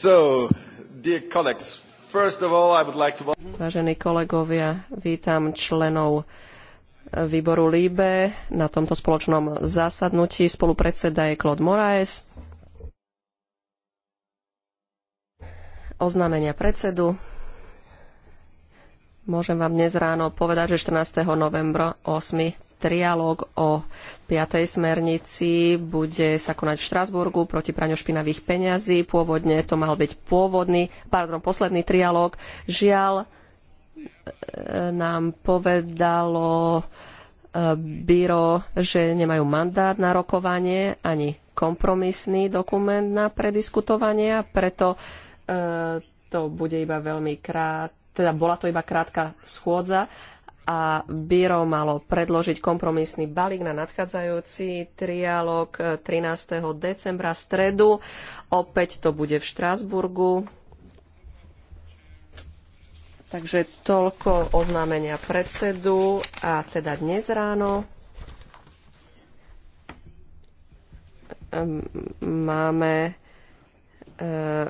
So, dear colleagues, first of all, I would like to... Vážení kolegovia, vítam členov výboru LIBE na tomto spoločnom zasadnutí. Spolupredseda je Claude Moraes. Oznámenia predsedu. Môžem vám dnes ráno povedať, že 14. novembra 8 trialóg o piatej smernici bude sa konať v Štrasburgu proti praniu špinavých peňazí. Pôvodne to mal byť pôvodný, pardon, posledný trialóg. Žiaľ, e, nám povedalo e, byro, že nemajú mandát na rokovanie ani kompromisný dokument na prediskutovanie a preto e, to bude iba veľmi krát, teda bola to iba krátka schôdza a Biro malo predložiť kompromisný balík na nadchádzajúci trialog 13. Eh, decembra stredu. Opäť to bude v Štrásburgu. Takže toľko oznámenia predsedu a teda dnes ráno ehm, máme eh,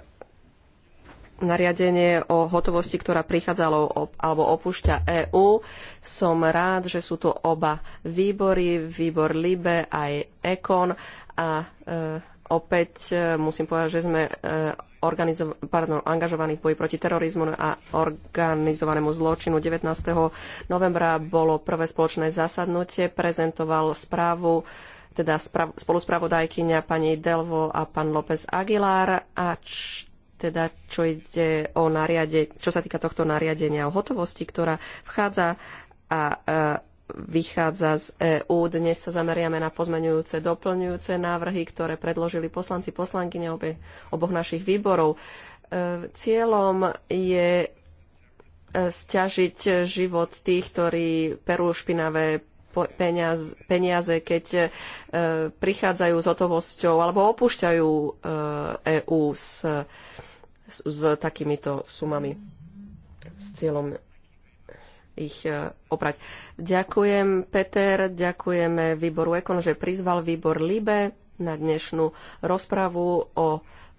nariadenie o hotovosti, ktorá prichádzala alebo opúšťa EÚ. Som rád, že sú tu oba výbory, výbor LIBE aj ECON a e, opäť e, musím povedať, že sme e, pardon, angažovaní v boji proti terorizmu a organizovanému zločinu. 19. novembra bolo prvé spoločné zasadnutie, prezentoval správu teda spoluspravodajkyňa pani Delvo a pán López Aguilar a č- teda čo ide o nariade, čo sa týka tohto nariadenia o hotovosti, ktorá vchádza a e, vychádza z EÚ. Dnes sa zameriame na pozmeňujúce, doplňujúce návrhy, ktoré predložili poslanci, poslankyne obe, oboch našich výborov. E, cieľom je e, stiažiť život tých, ktorí perú špinavé peniaz, peniaze, keď e, prichádzajú s hotovosťou alebo opúšťajú EÚ s s, s takýmito sumami s cieľom ich e, oprať. Ďakujem, Peter, ďakujeme výboru Ekon, že prizval výbor LIBE na dnešnú rozpravu o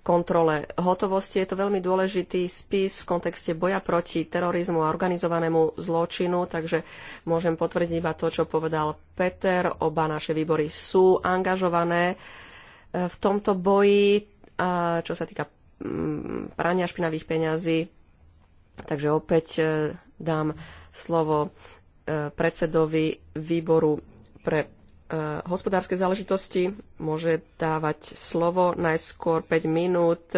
kontrole hotovosti. Je to veľmi dôležitý spis v kontexte boja proti terorizmu a organizovanému zločinu, takže môžem potvrdiť iba to, čo povedal Peter. Oba naše výbory sú angažované e, v tomto boji, čo sa týka Mm, prania špinavých peňazí. Takže opäť e, dám slovo e, predsedovi výboru pre e, hospodárske záležitosti môže dávať slovo najskôr 5 minút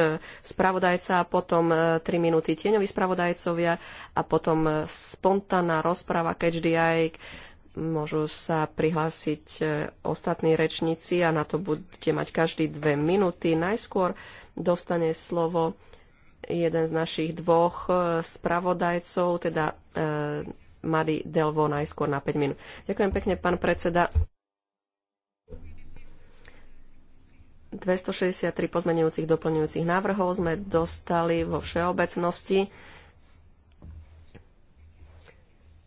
spravodajca a potom 3 minúty tieňoví spravodajcovia a potom spontánna rozpráva catch the eye, môžu sa prihlásiť e, ostatní rečníci a na to budete mať každý dve minúty. Najskôr dostane slovo jeden z našich dvoch e, spravodajcov, teda e, Mady Delvo najskôr na 5 minút. Ďakujem pekne, pán predseda. 263 pozmenujúcich doplňujúcich návrhov sme dostali vo všeobecnosti.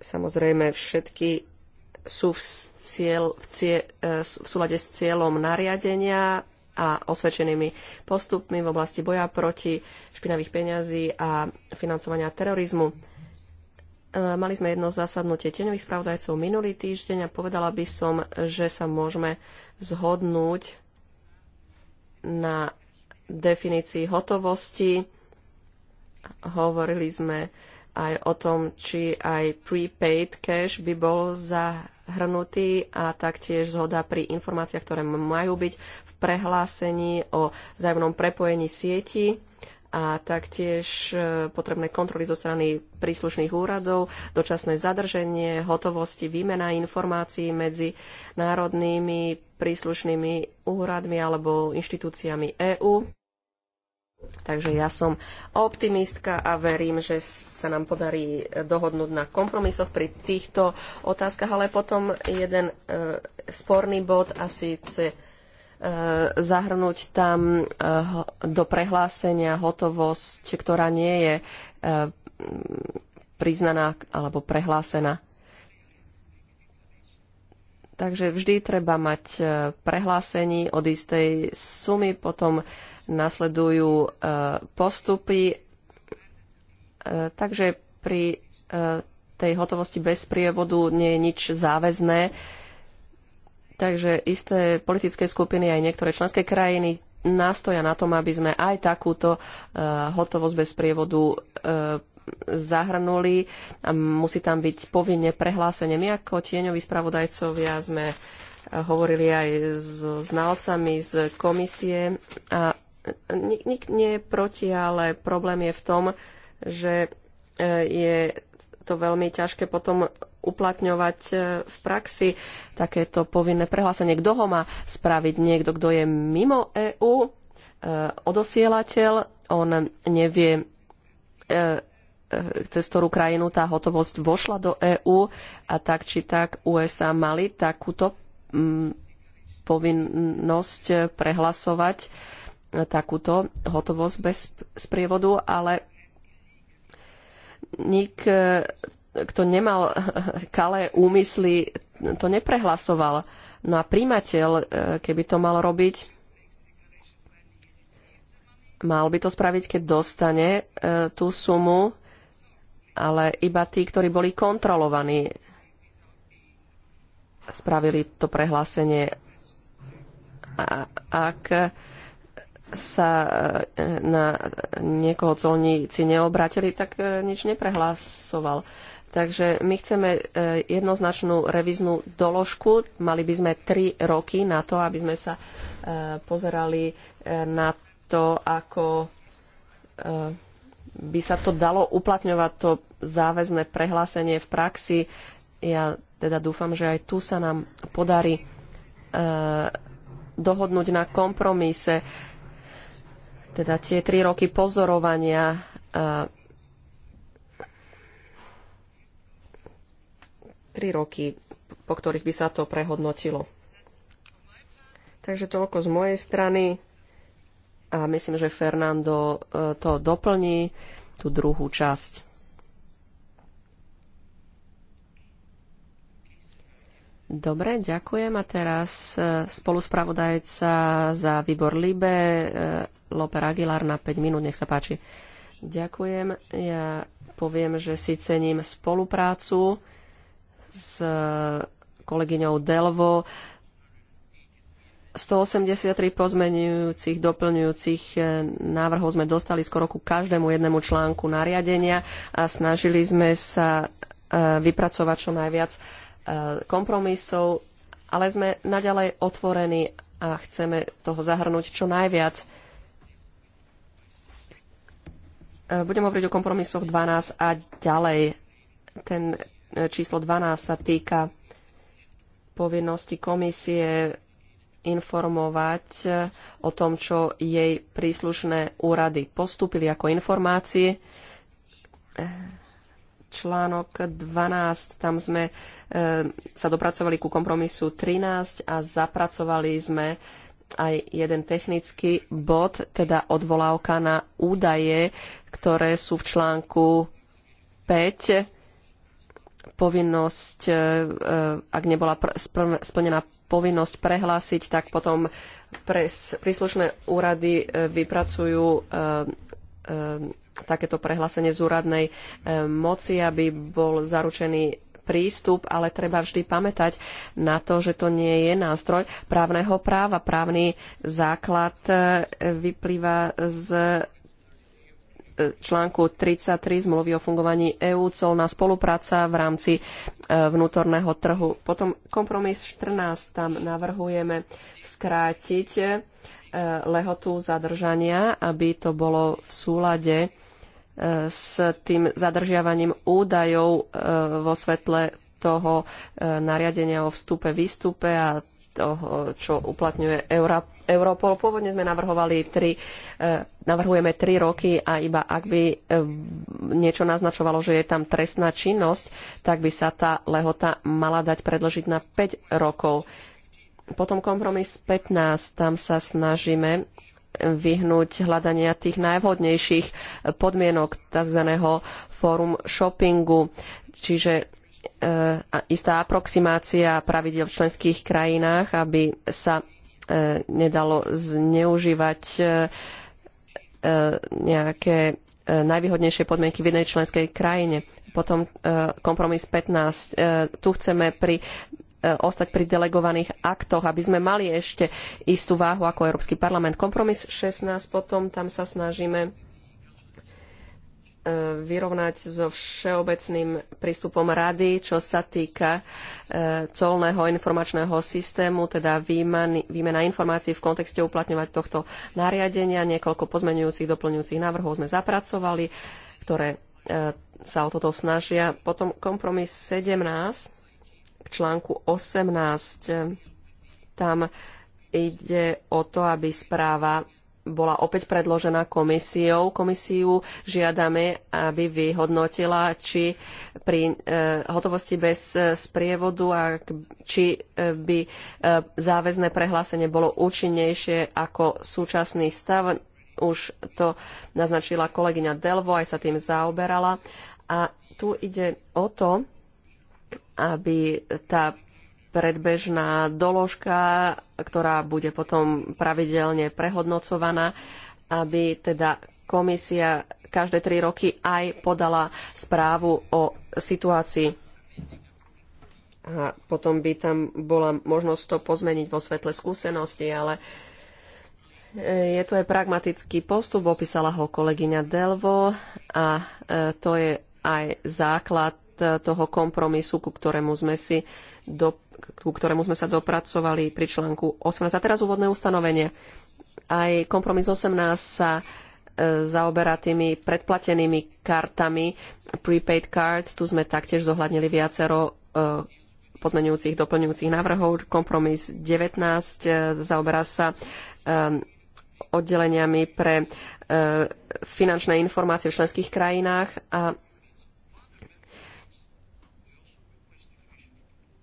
Samozrejme, všetky sú v, cieľ, v, cieľ, e, v súlade s cieľom nariadenia a osvedčenými postupmi v oblasti boja proti špinavých peňazí a financovania terorizmu. E, mali sme jedno zasadnutie tieňových spravodajcov minulý týždeň a povedala by som, že sa môžeme zhodnúť na definícii hotovosti. Hovorili sme aj o tom, či aj prepaid cash by bol za, zahrnutí a taktiež zhoda pri informáciách, ktoré majú byť v prehlásení o vzájomnom prepojení sieti a taktiež e, potrebné kontroly zo strany príslušných úradov, dočasné zadrženie, hotovosti, výmena informácií medzi národnými príslušnými úradmi alebo inštitúciami EÚ Takže ja som optimistka a verím, že sa nám podarí dohodnúť na kompromisoch pri týchto otázkach, ale potom jeden e, sporný bod a síce e, zahrnúť tam e, do prehlásenia hotovosť, ktorá nie je e, priznaná alebo prehlásená. Takže vždy treba mať e, prehlásenie od istej sumy, potom nasledujú e, postupy. E, takže pri e, tej hotovosti bez prievodu nie je nič záväzné. Takže isté politické skupiny aj niektoré členské krajiny nastoja na tom, aby sme aj takúto hotovosť bez prievodu zahrnuli a musí tam byť povinne prehlásenie. My ako tieňoví spravodajcovia sme hovorili aj so znalcami z komisie a Nik nie je proti, ale problém je v tom, že e, je to veľmi ťažké potom uplatňovať e, v praxi takéto povinné prehlásenie. Kto ho má spraviť? Niekto, kto je mimo EÚ, e, odosielateľ, on nevie, cez ktorú krajinu tá hotovosť vošla do EÚ a tak či tak USA mali takúto mm, povinnosť prehlasovať E, takúto hotovosť bez sprievodu, ale nik, e, kto nemal kalé úmysly, to neprehlasoval. No a príjmateľ, e, keby to mal robiť, mal by to spraviť, keď dostane tú sumu, ale iba tí, ktorí boli kontrolovaní, spravili to prehlásenie. A ak sa e, na niekoho colníci neobratili, tak e, nič neprehlasoval. Takže my chceme e, jednoznačnú reviznú doložku. Mali by sme tri roky na to, aby sme sa pozerali na to, ako by sa to dalo uplatňovať, to záväzné prehlásenie v praxi. Ja teda dúfam, že aj tu sa nám podarí dohodnúť na kompromise teda tie tri roky pozorovania e, tri roky, po ktorých by sa to prehodnotilo. Takže toľko z mojej strany a myslím, že Fernando e, to doplní, tú druhú časť. Dobre, ďakujem. A teraz e, spoluspravodajca za výbor Libe, Loper Aguilar na 5 minút. Nech sa páči. Ďakujem. Ja poviem, že si cením spoluprácu s kolegyňou Delvo. 183 pozmenujúcich, doplňujúcich návrhov sme dostali skoro ku každému jednému článku nariadenia a snažili sme sa e, vypracovať čo najviac e, kompromisov, ale sme naďalej otvorení a chceme toho zahrnúť čo najviac. E, budem hovoriť o kompromisoch 12 a ďalej. Ten e, číslo 12 sa týka povinnosti komisie informovať e, o tom, čo jej príslušné úrady postupili ako informácie. Článok 12, tam sme sa dopracovali ku kompromisu 13 a zapracovali sme aj jeden technický bod, teda odvolávka na údaje, ktoré sú v článku 5 povinnosť, e, ak nebola splnená povinnosť prehlásiť, tak potom pres, príslušné úrady e, vypracujú e, takéto prehlásenie z úradnej moci, aby bol zaručený prístup, ale treba vždy pamätať na to, že to nie je nástroj právneho práva. Právny základ vyplýva z článku 33 zmluvy o fungovaní EÚ colná spolupráca v rámci e, vnútorného trhu. Potom kompromis 14, tam navrhujeme skrátiť e, lehotu zadržania, aby to bolo v súlade e, s tým zadržiavaním údajov vo svetle toho nariadenia o vstupe, výstupe a toho, čo uplatňuje Eura, Europol. Pôvodne sme navrhovali tri, e, navrhujeme tri roky a iba ak by e, niečo naznačovalo, že je tam trestná činnosť, tak by sa tá lehota mala dať predložiť na 5 rokov. Potom kompromis 15, tam sa snažíme vyhnúť hľadania tých najvhodnejších podmienok tzv. fórum shoppingu. Čiže E, istá aproximácia pravidel v členských krajinách, aby sa e, nedalo zneužívať e, nejaké najvýhodnejšie podmienky v jednej členskej krajine. Potom kompromis 15. Tu chceme pri ostať pri delegovaných aktoch, aby sme mali ešte istú váhu ako Európsky parlament. Kompromis 16, potom tam sa snažíme E, vyrovnať so všeobecným prístupom rady, čo sa týka e, colného informačného systému, teda výmena informácií v kontexte uplatňovať tohto nariadenia. Niekoľko pozmenujúcich, doplňujúcich návrhov sme zapracovali, ktoré e, sa o toto snažia. Potom kompromis 17 k článku 18. Tam ide o to, aby správa bola opäť predložená komisiou. Komisiu žiadame, aby vyhodnotila, či pri e, hotovosti bez e, sprievodu a či e, by e, záväzné prehlásenie bolo účinnejšie ako súčasný stav. Už to naznačila kolegyňa Delvo, aj sa tým zaoberala. A tu ide o to, aby tá predbežná doložka, ktorá bude potom pravidelne prehodnocovaná, aby teda komisia každé tri roky aj podala správu o situácii. A potom by tam bola možnosť to pozmeniť vo svetle skúsenosti, ale e, je to aj pragmatický postup, opísala ho kolegyňa Delvo a e, to je aj základ Eh, toho kompromisu, ku ktorému sme, si do, ku ktorému sme sa dopracovali pri článku 18. A teraz úvodné ustanovenie. Aj kompromis 18 sa eh, zaoberá tými predplatenými kartami, prepaid cards. Tu sme taktiež zohľadnili viacero eh, pozmenujúcich, doplňujúcich návrhov. Kompromis 19 zaoberá sa oddeleniami pre finančné informácie v členských krajinách a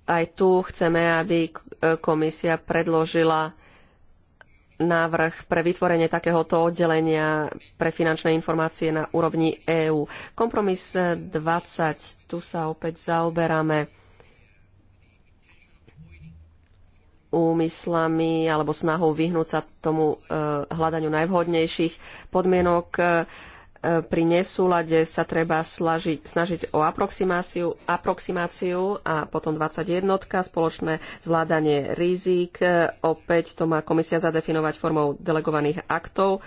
Aj tu chceme, aby komisia predložila návrh pre vytvorenie takéhoto oddelenia pre finančné informácie na úrovni EÚ. Kompromis 20, tu sa opäť zaoberáme úmyslami alebo snahou vyhnúť sa tomu eh, hľadaniu najvhodnejších podmienok. Pri nesúlade sa treba slažiť, snažiť o aproximáciu, aproximáciu a potom 21. spoločné zvládanie rizik. Opäť to má komisia zadefinovať formou delegovaných aktov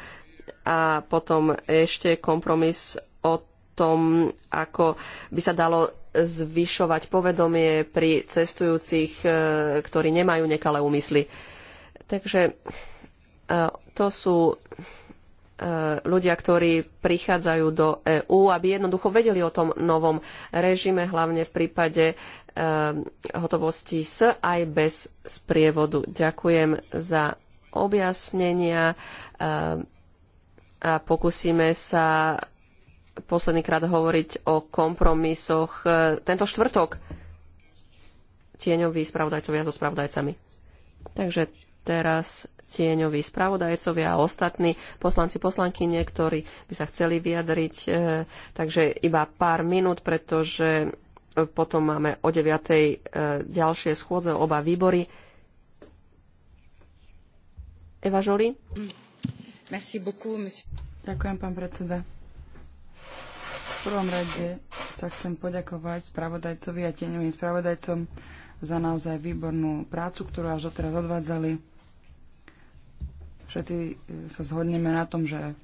a potom ešte kompromis o tom, ako by sa dalo zvyšovať povedomie pri cestujúcich, e, ktorí nemajú nekalé úmysly. Takže e, to sú E, ľudia, ktorí prichádzajú do EÚ, aby jednoducho vedeli o tom novom režime, hlavne v prípade e, hotovosti s aj bez sprievodu. Ďakujem za objasnenia e, a pokúsime sa poslednýkrát hovoriť o kompromisoch tento štvrtok tieňoví spravodajcovia so spravodajcami. Takže teraz tieňoví spravodajcovia a ostatní poslanci, poslanky niektorí by sa chceli vyjadriť. E, takže iba pár minút, pretože potom máme o 9. E, ďalšie schôdze oba výbory. Eva Žoli. Merci beaucoup, monsieur. Ďakujem, pán predseda. V prvom rade sa chcem poďakovať spravodajcovi a tieňovým spravodajcom za naozaj výbornú prácu, ktorú až doteraz odvádzali všetci e, sa zhodneme na tom, že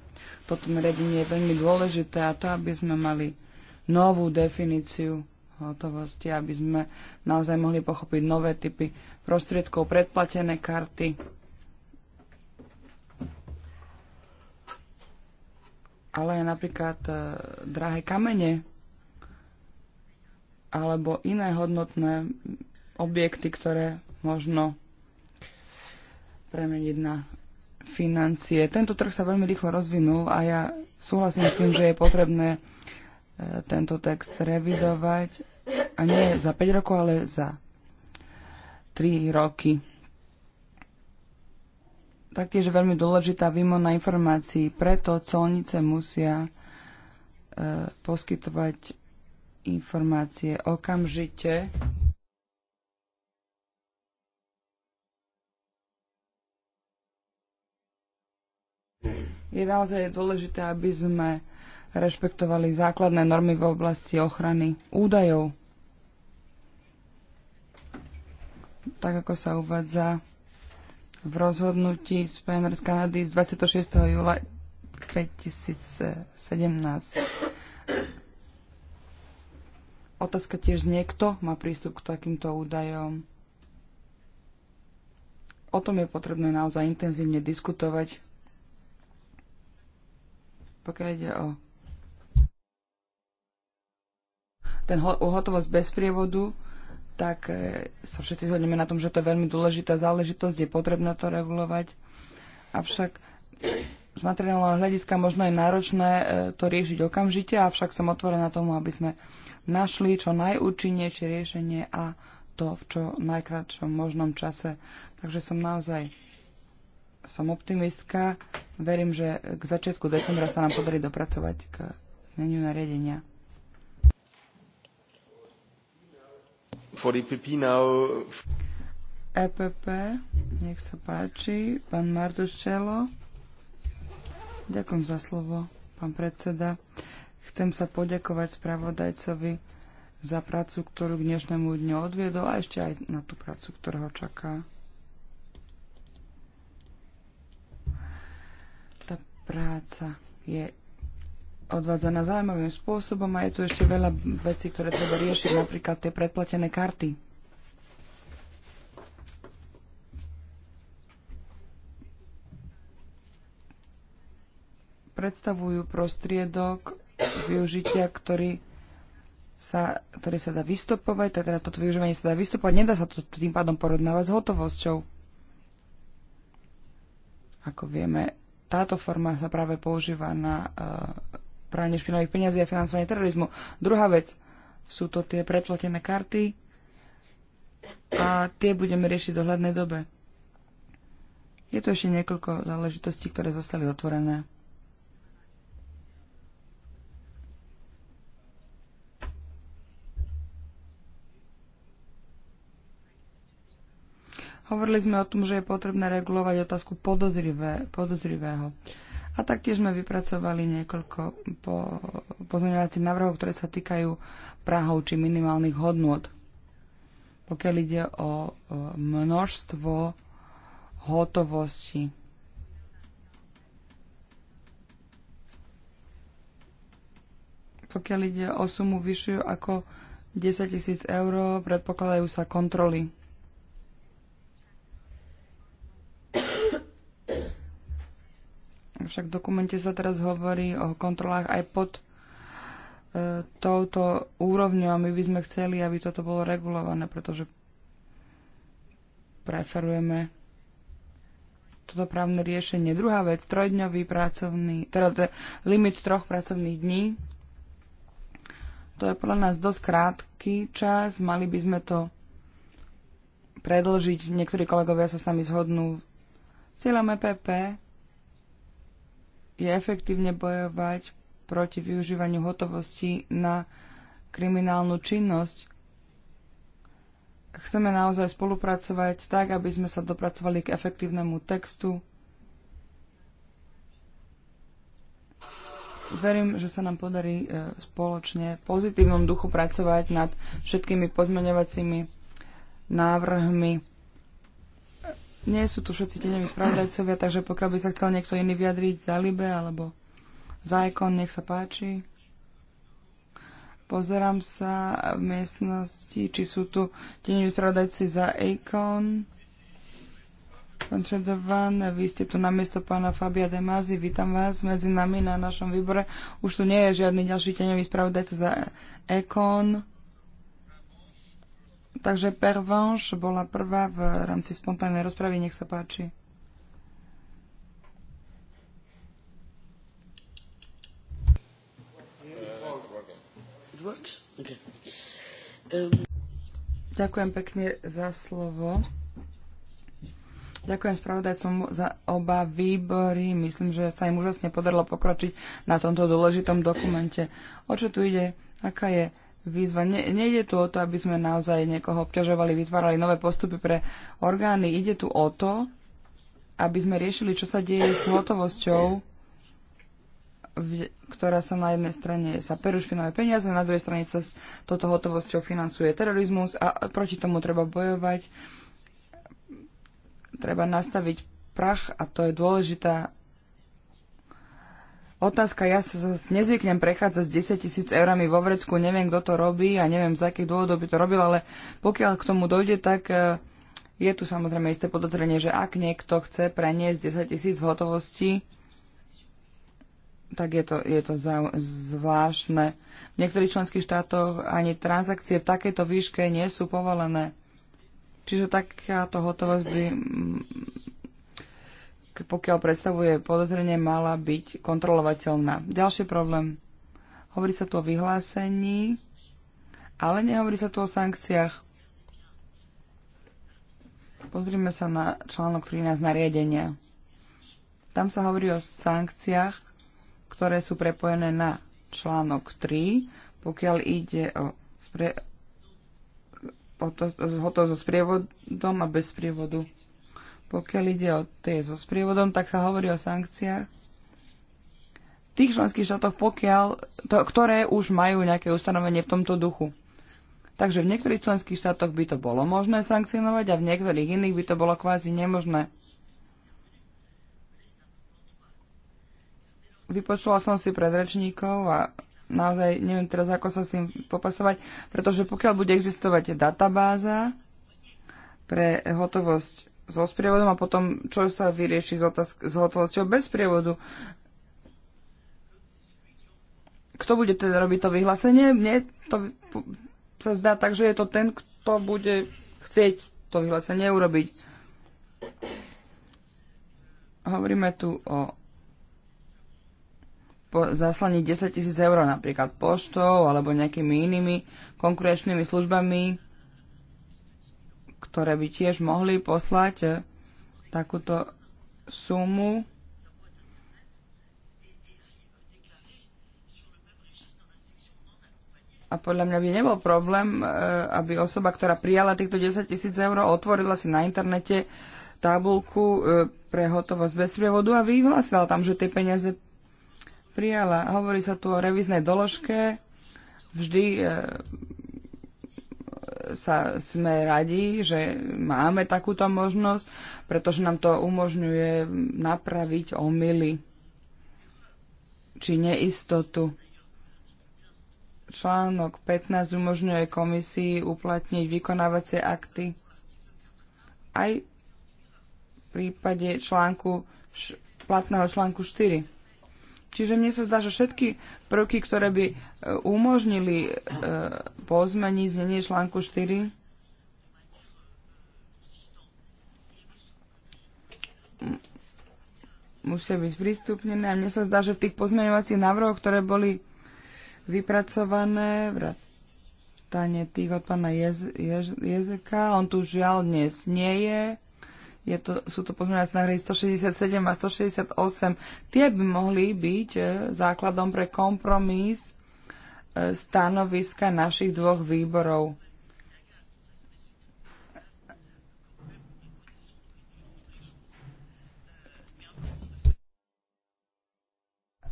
toto nariadenie je veľmi dôležité a to, aby sme mali novú definíciu hotovosti, aby sme naozaj mohli pochopiť nové typy prostriedkov, predplatené karty. Ale aj napríklad e, drahé kamene alebo iné hodnotné objekty, ktoré možno premeniť na financie. Tento trh sa veľmi rýchlo rozvinul a ja súhlasím s tým, že je potrebné e, tento text revidovať a nie za 5 rokov, ale za 3 roky. Taktiež veľmi dôležitá výmona informácií, preto colnice musia e, poskytovať informácie okamžite je naozaj dôležité, aby sme rešpektovali základné normy v oblasti ochrany údajov. Tak ako sa uvádza v rozhodnutí Spener z Kanady z 26. júla 2017. Otázka tiež z niekto má prístup k takýmto údajom. O tom je potrebné naozaj intenzívne diskutovať pokiaľ ide o ten ho- hotovosť bez prievodu, tak e, sa všetci zhodneme na tom, že to je veľmi dôležitá záležitosť, je potrebné to regulovať. Avšak z materiálneho hľadiska možno je náročné e, to riešiť okamžite, avšak som otvorená tomu, aby sme našli čo najúčinnejšie riešenie a to v čo najkračšom možnom čase. Takže som naozaj som optimistka. Verím, že k začiatku decembra sa nám podarí dopracovať k zneniu nariadenia. EPP EPP, e nech sa páči, pán Martuščelo. Ďakujem za slovo, pán predseda. Chcem sa poďakovať spravodajcovi za prácu, ktorú k dnešnému dňu odviedol a ešte aj na tú prácu, ktorá ho čaká. práca je odvádzaná zaujímavým spôsobom a je tu ešte veľa vecí, ktoré treba riešiť, napríklad tie predplatené karty. Predstavujú prostriedok využitia, ktorý sa, ktorý sa dá vystupovať. teda toto využívanie sa dá vystupovať, nedá sa to tým pádom porovnávať s hotovosťou. Ako vieme, táto forma sa práve používa na eh, pranie špinavých peniazí a financovanie terorizmu. Druhá vec, sú to tie preplatené karty a tie budeme riešiť v dohľadnej dobe. Je to ešte niekoľko záležitostí, ktoré zostali otvorené. Hovorili sme o tom, že je potrebné regulovať otázku podozrivé, podozrivého. A taktiež sme vypracovali niekoľko po, pozmeňovacích návrhov, ktoré sa týkajú prahov či minimálnych hodnôt. Pokiaľ ide o množstvo hotovosti. Pokiaľ ide o sumu vyššiu ako 10 tisíc eur, predpokladajú sa kontroly. Však v dokumente sa teraz hovorí o kontrolách aj pod e, touto úrovňou a my by sme chceli, aby toto bolo regulované, pretože preferujeme toto právne riešenie. Druhá vec, trojdňový pracovný, teda, teda limit troch pracovných dní. To je podľa nás dosť krátky čas, mali by sme to predlžiť. Niektorí kolegovia sa s nami zhodnú. Cieľom EPP je efektívne bojovať proti využívaniu hotovosti na kriminálnu činnosť. Chceme naozaj spolupracovať tak, aby sme sa dopracovali k efektívnemu textu. Verím, že sa nám podarí e, spoločne v pozitívnom duchu pracovať nad všetkými pozmeňovacími návrhmi nie sú tu všetci tieňoví spravodajcovia, takže pokiaľ by sa chcel niekto iný vyjadriť za Libe alebo za Ekon, nech sa páči. Pozerám sa v miestnosti, či sú tu tieňoví spravodajci za Ekon. Pán Čedovan, vy ste tu na miesto pána Fabia Demazi. Vítam vás medzi nami na našom výbore. Už tu nie je žiadny ďalší tieňový spravodajca za Ekon. Takže Pervenche bola prvá v rámci spontánnej rozpravy. Nech sa páči. Okay. Um... Ďakujem pekne za slovo. Ďakujem spravodajcom za oba výbory. Myslím, že sa im úžasne podarilo pokročiť na tomto dôležitom dokumente. O čo tu ide? Aká je výzva. Ne, nejde tu o to, aby sme naozaj niekoho obťažovali, vytvárali nové postupy pre orgány. Ide tu o to, aby sme riešili, čo sa deje s hotovosťou, ktorá sa na jednej strane sa perú špinavé peniaze, na druhej strane sa s toto hotovosťou financuje terorizmus a proti tomu treba bojovať. Treba nastaviť prach a to je dôležitá Otázka, ja sa nezvyknem prechádzať s 10 tisíc eurami vo vrecku, neviem, kto to robí a neviem, z akých dôvodov by to robil, ale pokiaľ k tomu dojde, tak e, je tu samozrejme isté podozrenie, že ak niekto chce preniesť 10 tisíc v hotovosti, tak je to, je to zvláštne. V niektorých členských štátoch ani transakcie v takejto výške nie sú povolené. Čiže takáto hotovosť by pokiaľ predstavuje podozrenie, mala byť kontrolovateľná. Ďalší problém. Hovorí sa tu o vyhlásení, ale nehovorí sa tu o sankciách. Pozrime sa na článok 13 nariadenia. Tam sa hovorí o sankciách, ktoré sú prepojené na článok 3, pokiaľ ide o, spre... o to, o to so sprievodom a bez sprievodu. Pokiaľ ide o tie so sprievodom, tak sa hovorí o sankciách. V tých členských štátoch, pokiaľ, to, ktoré už majú nejaké ustanovenie v tomto duchu. Takže v niektorých členských štátoch by to bolo možné sankcionovať a v niektorých iných by to bolo kvázi nemožné. Vypočula som si predrečníkov a naozaj neviem teraz, ako sa s tým popasovať, pretože pokiaľ bude existovať databáza pre hotovosť so sprievodom a potom čo sa vyrieši s, otázk- s hotovosťou bez sprievodu. Kto bude teda robiť to vyhlásenie? Mne to sa zdá tak, že je to ten, kto bude chcieť to vyhlásenie urobiť. Hovoríme tu o zaslaní 10 tisíc eur napríklad poštou alebo nejakými inými konkurenčnými službami ktoré by tiež mohli poslať eh, takúto sumu a podľa mňa by nebol problém, eh, aby osoba, ktorá prijala týchto 10 tisíc eur, otvorila si na internete tabulku eh, pre hotovosť bez prievodu a vyhlásila tam, že tie peniaze prijala. Hovorí sa tu o reviznej doložke. Vždy sa sme radi, že máme takúto možnosť, pretože nám to umožňuje napraviť omily či neistotu. Článok 15 umožňuje komisii uplatniť vykonávacie akty aj v prípade článku, platného článku 4. Čiže mne sa zdá, že všetky prvky, ktoré by e, umožnili e, pozmeniť znenie článku 4, musia byť prístupnené. A mne sa zdá, že v tých pozmeňovacích návrhoch, ktoré boli vypracované, vrátane tých od pána Jez, Jez, Jezeka, on tu žiaľ dnes nie je, je to, sú to pozmeňovací návrhy 167 a 168. Tie by mohli byť e, základom pre kompromis e, stanoviska našich dvoch výborov.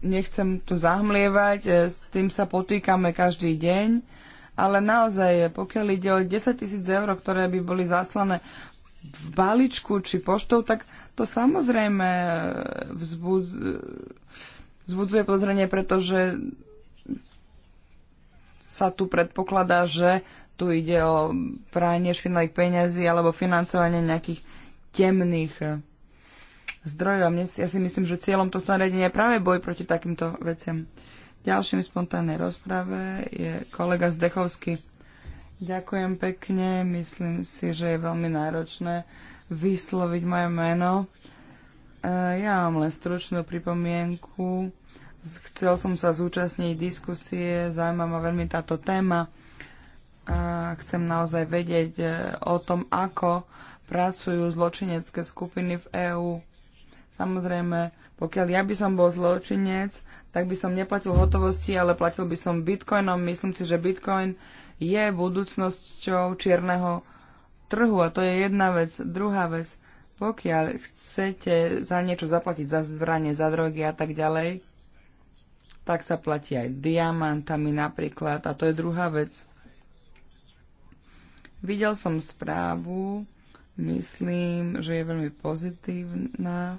Nechcem tu zahmlievať, e, s tým sa potýkame každý deň ale naozaj, pokiaľ ide o 10 tisíc eur, ktoré by boli zaslané v balíčku či poštou, tak to samozrejme e, e, vzbudzuje pozrenie, pretože sa tu predpokladá, že tu ide o pranie špinavých peňazí alebo financovanie nejakých temných e, zdrojov. A ja si myslím, že cieľom tohto nariadenia je práve boj proti takýmto veciam. Ďalším spontánnej rozprave je kolega Zdechovský. Ďakujem pekne. Myslím si, že je veľmi náročné vysloviť moje meno. E, ja mám len stručnú pripomienku. Chcel som sa zúčastniť diskusie, zaujímavá veľmi táto téma. A chcem naozaj vedieť e, o tom, ako pracujú zločinecké skupiny v EÚ. Samozrejme, pokiaľ ja by som bol zločinec, tak by som neplatil hotovosti, ale platil by som bitcoinom. Myslím si, že bitcoin je budúcnosťou čierneho trhu a to je jedna vec. Druhá vec, pokiaľ chcete za niečo zaplatiť, za zbranie, za drogy a tak ďalej, tak sa platí aj diamantami napríklad a to je druhá vec. Videl som správu, myslím, že je veľmi pozitívna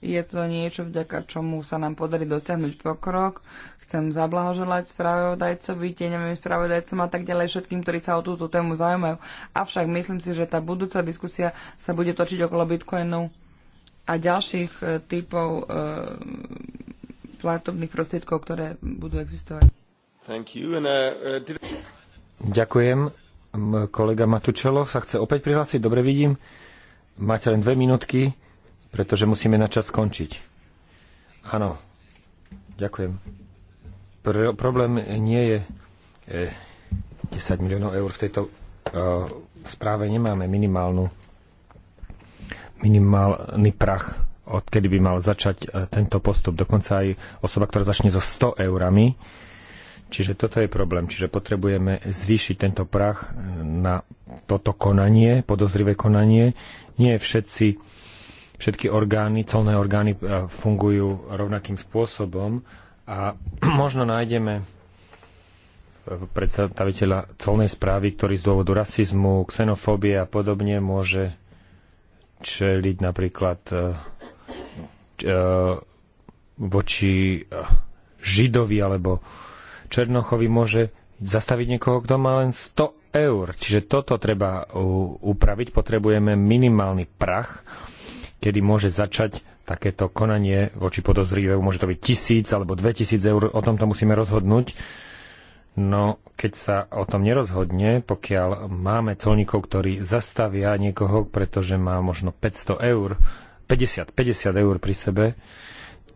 je to niečo, vďaka čomu sa nám podarí dosiahnuť pokrok. Chcem zablahoželať spravodajcovi, tieňovým spravodajcom a tak ďalej všetkým, ktorí sa o túto tému zaujímajú. Avšak myslím si, že tá budúca diskusia sa bude točiť okolo bitcoinu a ďalších e, typov e, platobných prostriedkov, ktoré budú existovať. And, uh, uh did... Ďakujem. Kolega Matučelo sa chce opäť prihlásiť. Dobre vidím. Máte len dve minútky pretože musíme na čas skončiť. Áno, ďakujem. Pr- problém nie je e, 10 miliónov eur v tejto e, správe nemáme minimálnu minimálny prach, odkedy by mal začať e, tento postup. Dokonca aj osoba, ktorá začne so 100 eurami. Čiže toto je problém. Čiže potrebujeme zvýšiť tento prach e, na toto konanie, podozrivé konanie. Nie všetci všetky orgány, colné orgány e, fungujú rovnakým spôsobom a možno nájdeme e, predstaviteľa colnej správy, ktorý z dôvodu rasizmu, xenofóbie a podobne môže čeliť napríklad e, voči židovi alebo černochovi môže zastaviť niekoho, kto má len 100 eur. Čiže toto treba upraviť. Potrebujeme minimálny prach, kedy môže začať takéto konanie voči podozrivému. Môže to byť tisíc alebo dve tisíc eur, o tomto musíme rozhodnúť. No, keď sa o tom nerozhodne, pokiaľ máme colníkov, ktorí zastavia niekoho, pretože má možno 500 eur, 50, 50 eur pri sebe,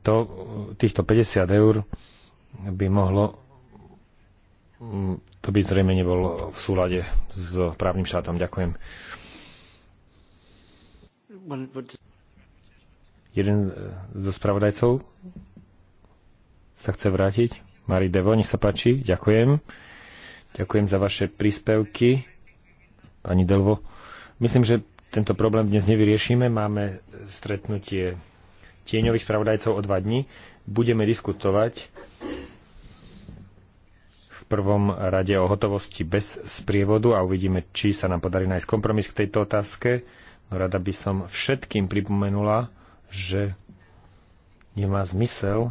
to, týchto 50 eur by mohlo mm, to by zrejme nebol v súlade s právnym štátom. Ďakujem. Jeden e, zo spravodajcov sa chce vrátiť. Mari Devo, nech sa páči. Ďakujem. Ďakujem za vaše príspevky. Pani Delvo, myslím, že tento problém dnes nevyriešime. Máme stretnutie tieňových spravodajcov o dva dní. Budeme diskutovať v prvom rade o hotovosti bez sprievodu a uvidíme, či sa nám podarí nájsť kompromis k tejto otázke. No rada by som všetkým pripomenula, že nemá zmysel e,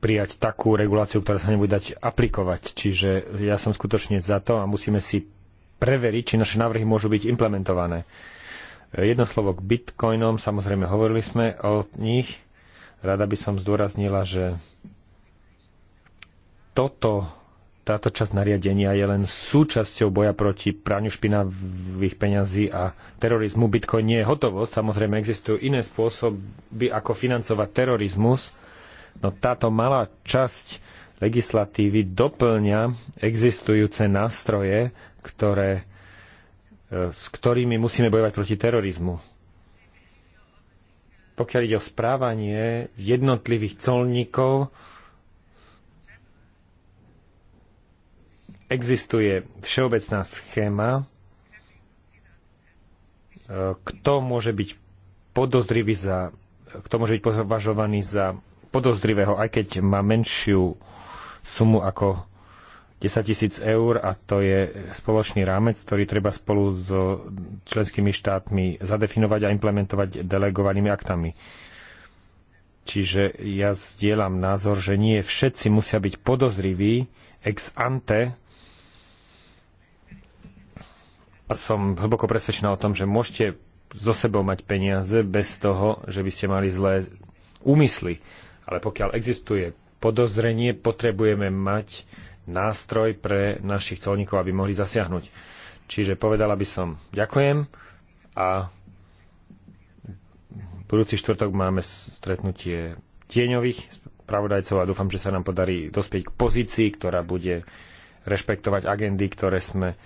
prijať takú reguláciu, ktorá sa nebude dať aplikovať. Čiže ja som skutočne za to a musíme si preveriť, či naše návrhy môžu byť implementované. E, jedno slovo k bitcoinom, samozrejme hovorili sme o nich. Rada by som zdôraznila, že toto táto časť nariadenia je len súčasťou boja proti praniu špinavých peňazí a terorizmu. Bitcoin nie je hotovosť, samozrejme existujú iné spôsoby, ako financovať terorizmus, no táto malá časť legislatívy doplňa existujúce nástroje, ktoré, e, s ktorými musíme bojovať proti terorizmu. Pokiaľ ide o správanie jednotlivých colníkov, existuje všeobecná schéma, e, kto môže byť podozrivý za, kto môže byť považovaný za podozrivého, aj keď má menšiu sumu ako 10 tisíc eur a to je spoločný rámec, ktorý treba spolu s so členskými štátmi zadefinovať a implementovať delegovanými aktami. Čiže ja zdieľam názor, že nie všetci musia byť podozriví ex ante a som hlboko presvedčená o tom, že môžete zo sebou mať peniaze bez toho, že by ste mali zlé úmysly. Ale pokiaľ existuje podozrenie, potrebujeme mať nástroj pre našich colníkov, aby mohli zasiahnuť. Čiže povedala by som ďakujem a budúci štvrtok máme stretnutie tieňových spravodajcov a dúfam, že sa nám podarí dospieť k pozícii, ktorá bude rešpektovať agendy, ktoré sme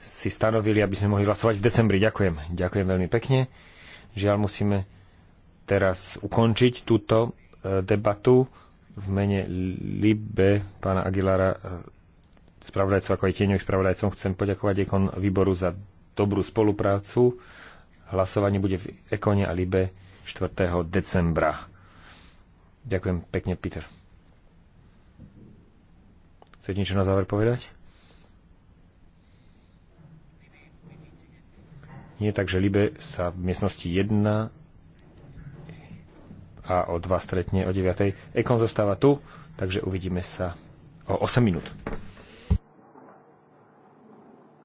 si stanovili, aby sme mohli hlasovať v decembri. Ďakujem. Ďakujem veľmi pekne. Žiaľ, musíme teraz ukončiť túto e, debatu v mene Libe pána Aguilara e, spravodajcov, ako aj tieňových spravodajcom. Chcem poďakovať Ekon výboru za dobrú spoluprácu. Hlasovanie bude v Ekone a Libe 4. decembra. Ďakujem pekne, Peter. Chcete niečo na záver povedať? nie, takže Libe sa v miestnosti 1 a o 2 stretne o 9. Ekon zostáva tu, takže uvidíme sa o 8 minút.